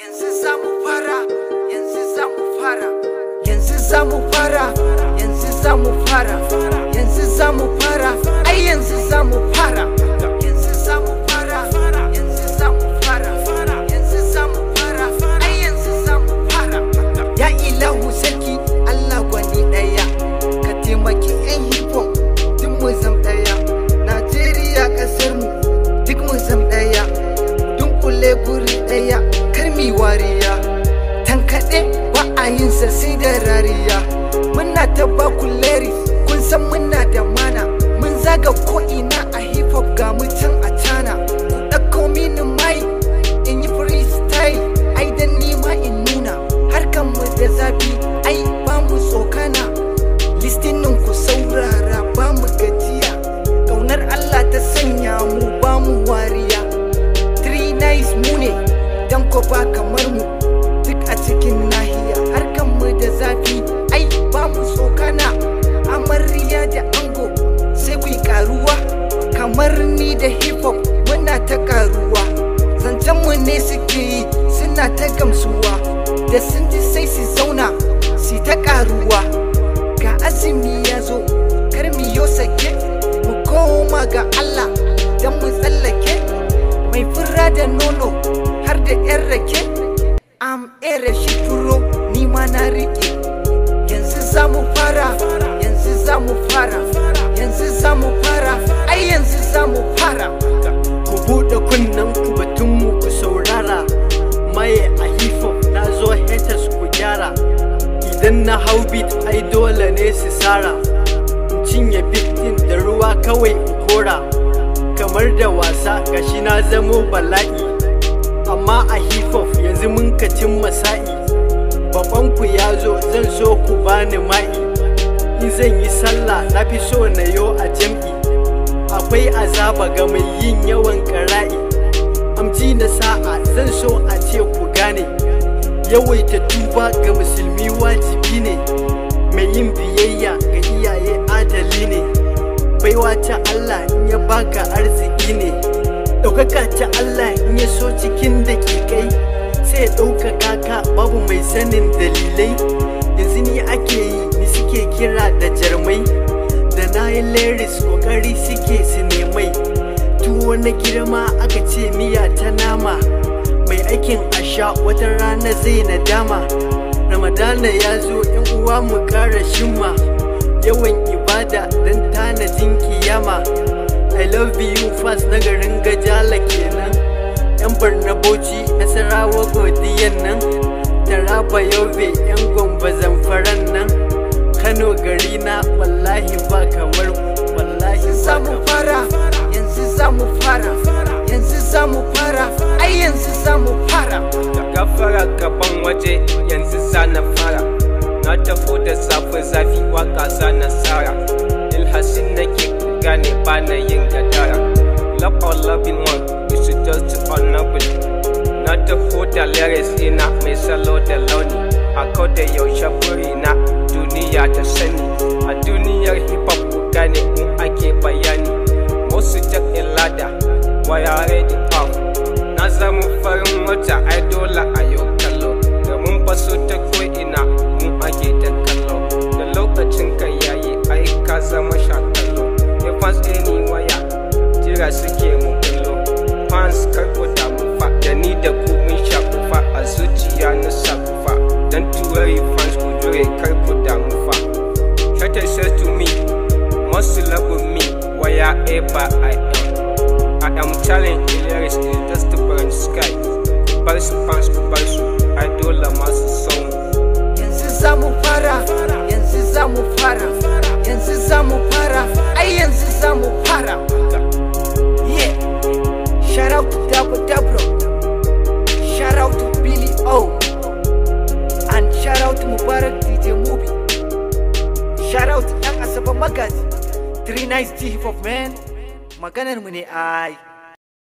Yanzu za mu fara, yanzu za mu fara, yanzu za mu fara, yanzu za mu fara, fara. da ba ku kun san muna da mana mun zaga ko ina a hip hop ga mutum a tana ku ɗauko mini mai da hip hop muna ta karuwa zancenmu ne suke yi suna ta gamsuwa da sun ji sai su zauna su ta karuwa ga azumi ya zo kar mu yo sake mu koma ga Allah don mu tsallake mai fura da nono har da yan rake am ere shi furo ni ma na rike yanzu za mu fara yanzu za mu fara hau ai dole ne su sara in cinye fitin da ruwa kawai in kora kamar da wasa gashi na zamo bala'i amma a hip hop yanzu mun kacin masa'i babanku ya zo zan so ku bani ma'i in zan yi sallah na fi so na yo a jam'i akwai azaba ga mai yin yawan kara'i amci na sa'a zan so a yawaita duba ga musulmi wajibi ne mai yin biyayya ga iyaye adali ne baiwa ta Allah in ya baka arziki ne ɗaukaka ta Allah in ya so cikin da ke kai. sai ya ɗaukaka ka babu mai sanin dalilai yanzu ni ake yi ni suke kira da jarmai da na yi laris kokari suke su nemai tuwo na girma aka ce miya ta nama mai aikin asha wata rana zai nadama ramadana ya zo yan uwa mu kara shimma yawan ibada don tanadin kiyama i love you fast na garin gajala kenan yan barna bauchi nasarawa godiyan nan taraba yobe yan gombe zamfaran nan kano gari na wallahi ba kamar wallahi yanzu za mu fara yanzu za mu fara ai yanzu za mu fara daga fara gaban waje yanzu za na fara na tafi da safe zafi waka za nasara ilhasin na ke ku ne ba na yin gadara love all loving one you should just honorable na tafi da lyrics ina mai salo fa ya off na zama farin wata ai dole a yau kallo da mun faso ta ko'ina mun ake ta kallo da lokacin ka yayi ai ka zama sha kallo ya fas ni waya jira suke mu kallo fans kar ku damu fa da ni da ku mun shakufa a zuciya na sakufa don turai fans ku jure kar ku damu fa shata says to me most love me waya ever I I am telling you, there is a dusty the sky. Paris, Paris, Paris, I do la masu song. Yanzu za mu fara, yanzu za mu fara, yanzu za mu fara, ai yanzu za mu Yeah, shout out to Double Dabro, shout out to Billy O, and shout out to Mubarak DJ Movie, shout out to Young Asaba Magazi, three nice hip of man. maganar mu ne ai